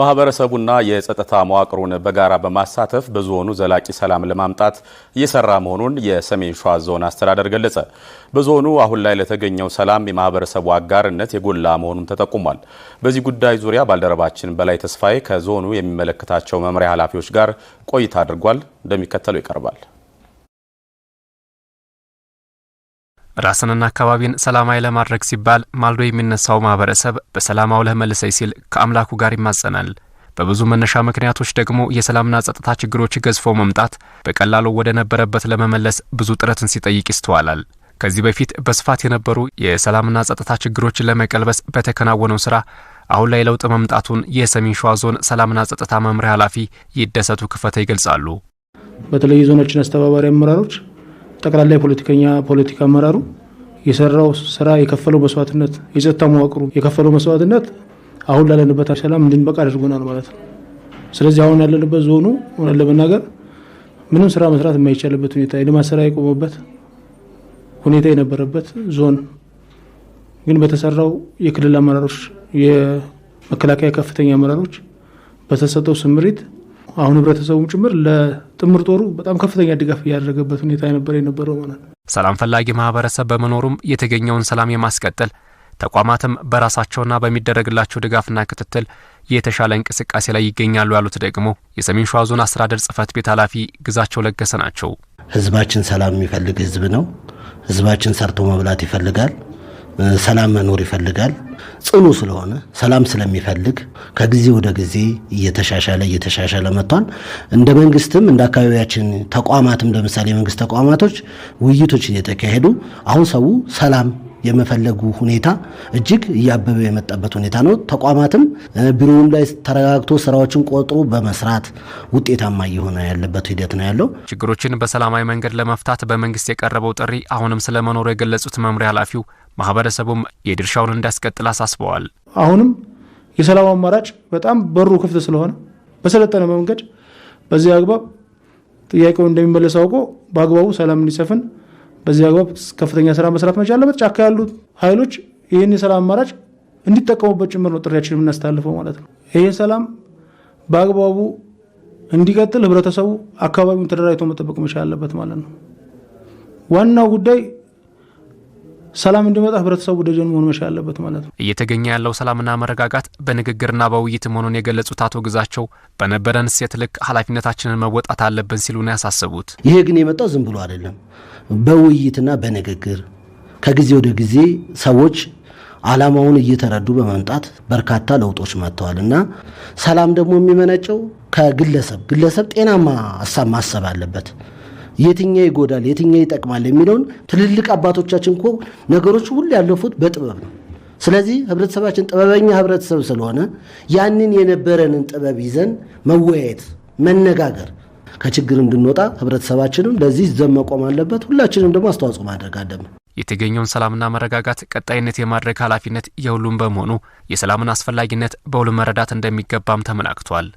ማህበረሰቡና የጸጥታ መዋቅሩን በጋራ በማሳተፍ በዞኑ ዘላቂ ሰላም ለማምጣት እየሰራ መሆኑን የሰሜን ሸዋ ዞን አስተዳደር ገለጸ። በዞኑ አሁን ላይ ለተገኘው ሰላም የማህበረሰቡ አጋርነት የጎላ መሆኑን ተጠቁሟል። በዚህ ጉዳይ ዙሪያ ባልደረባችን በላይ ተስፋዬ ከዞኑ የሚመለከታቸው መምሪያ ኃላፊዎች ጋር ቆይታ አድርጓል። እንደሚከተለው ይቀርባል። ራስንና አካባቢን ሰላማዊ ለማድረግ ሲባል ማልዶ የሚነሳው ማህበረሰብ በሰላማው ለህ ሲል ከአምላኩ ጋር ይማጸናል። በብዙ መነሻ ምክንያቶች ደግሞ የሰላምና ጸጥታ ችግሮች ገዝፎ መምጣት በቀላሉ ወደ ነበረበት ለመመለስ ብዙ ጥረትን ሲጠይቅ ይስተዋላል። ከዚህ በፊት በስፋት የነበሩ የሰላምና ጸጥታ ችግሮችን ለመቀልበስ በተከናወነው ስራ አሁን ላይ ለውጥ መምጣቱን የሰሜን ሸዋ ዞን ሰላምና ጸጥታ መምሪያ ኃላፊ ይደሰቱ ክፈተ ይገልጻሉ። በተለይ ዞኖችን አስተባባሪ አመራሮች ጠቅላላ የፖለቲከኛ ፖለቲካ አመራሩ የሰራው ስራ የከፈለው መስዋዕትነት የጸጥታ መዋቅሩ የከፈለው መስዋዕትነት አሁን ላለንበት ሰላም እንድንበቃ አድርጎናል ማለት ነው። ስለዚህ አሁን ያለንበት ዞኑ ሆነ ለመናገር ምንም ስራ መስራት የማይቻልበት ሁኔታ የልማት ስራ የቆመበት ሁኔታ የነበረበት ዞን ግን በተሰራው የክልል አመራሮች የመከላከያ ከፍተኛ አመራሮች በተሰጠው ስምሪት አሁን ህብረተሰቡም ጭምር ለጥምር ጦሩ በጣም ከፍተኛ ድጋፍ እያደረገበት ሁኔታ የነበረ የነበረው ማለት ነው። ሰላም ፈላጊ ማህበረሰብ በመኖሩም የተገኘውን ሰላም የማስቀጠል ተቋማትም በራሳቸውና በሚደረግላቸው ድጋፍና ክትትል የተሻለ እንቅስቃሴ ላይ ይገኛሉ ያሉት ደግሞ የሰሜን ሸዋ ዞን አስተዳደር ጽህፈት ቤት ኃላፊ ግዛቸው ለገሰ ናቸው። ህዝባችን ሰላም የሚፈልግ ህዝብ ነው። ህዝባችን ሰርቶ መብላት ይፈልጋል። ሰላም መኖር ይፈልጋል። ጽኑ ስለሆነ ሰላም ስለሚፈልግ ከጊዜ ወደ ጊዜ እየተሻሻለ እየተሻሻለ መጥቷል። እንደ መንግስትም እንደ አካባቢያችን ተቋማትም ለምሳሌ የመንግስት ተቋማቶች ውይይቶች እየተካሄዱ አሁን ሰው ሰላም የመፈለጉ ሁኔታ እጅግ እያበበ የመጣበት ሁኔታ ነው። ተቋማትም ቢሮውም ላይ ተረጋግቶ ስራዎችን ቆጥሮ በመስራት ውጤታማ እየሆነ ያለበት ሂደት ነው ያለው። ችግሮችን በሰላማዊ መንገድ ለመፍታት በመንግስት የቀረበው ጥሪ አሁንም ስለመኖሩ የገለጹት መምሪያ ኃላፊው ማህበረሰቡም የድርሻውን እንዲያስቀጥል አሳስበዋል። አሁንም የሰላም አማራጭ በጣም በሩ ክፍት ስለሆነ በሰለጠነ መንገድ በዚህ አግባብ ጥያቄው እንደሚመለስ አውቆ በአግባቡ ሰላም እንዲሰፍን በዚህ አግባብ ከፍተኛ ስራ መስራት መቻል አለበት። ጫካ ያሉ ኃይሎች ይህን የሰላም አማራጭ እንዲጠቀሙበት ጭምር ነው ጥሪያችን የምናስተላልፈው ማለት ነው። ይህ ሰላም በአግባቡ እንዲቀጥል ህብረተሰቡ አካባቢውን ተደራጅቶ መጠበቅ መቻል አለበት ማለት ነው። ዋናው ጉዳይ ሰላም እንዲመጣ ህብረተሰቡ ደጀን መሆን መሻ ያለበት ማለት ነው። እየተገኘ ያለው ሰላምና መረጋጋት በንግግርና በውይይት መሆኑን የገለጹት አቶ ግዛቸው በነበረን እሴት ልክ ኃላፊነታችንን መወጣት አለብን ሲሉ ነው ያሳሰቡት። ይሄ ግን የመጣው ዝም ብሎ አይደለም። በውይይትና በንግግር ከጊዜ ወደ ጊዜ ሰዎች አላማውን እየተረዱ በመምጣት በርካታ ለውጦች መጥተዋል እና ሰላም ደግሞ የሚመነጨው ከግለሰብ ግለሰብ ጤናማ ሀሳብ ማሰብ አለበት። የትኛው ይጎዳል፣ የትኛው ይጠቅማል የሚለውን ትልልቅ አባቶቻችን እኮ ነገሮች ሁሉ ያለፉት በጥበብ ነው። ስለዚህ ህብረተሰባችን ጥበበኛ ህብረተሰብ ስለሆነ ያንን የነበረንን ጥበብ ይዘን መወያየት፣ መነጋገር ከችግር እንድንወጣ ህብረተሰባችንም ለዚህ ዘብ መቆም አለበት። ሁላችንም ደግሞ አስተዋጽኦ ማድረግ አለብን። የተገኘውን ሰላምና መረጋጋት ቀጣይነት የማድረግ ኃላፊነት የሁሉም በመሆኑ የሰላምን አስፈላጊነት በሁሉም መረዳት እንደሚገባም ተመላክቷል።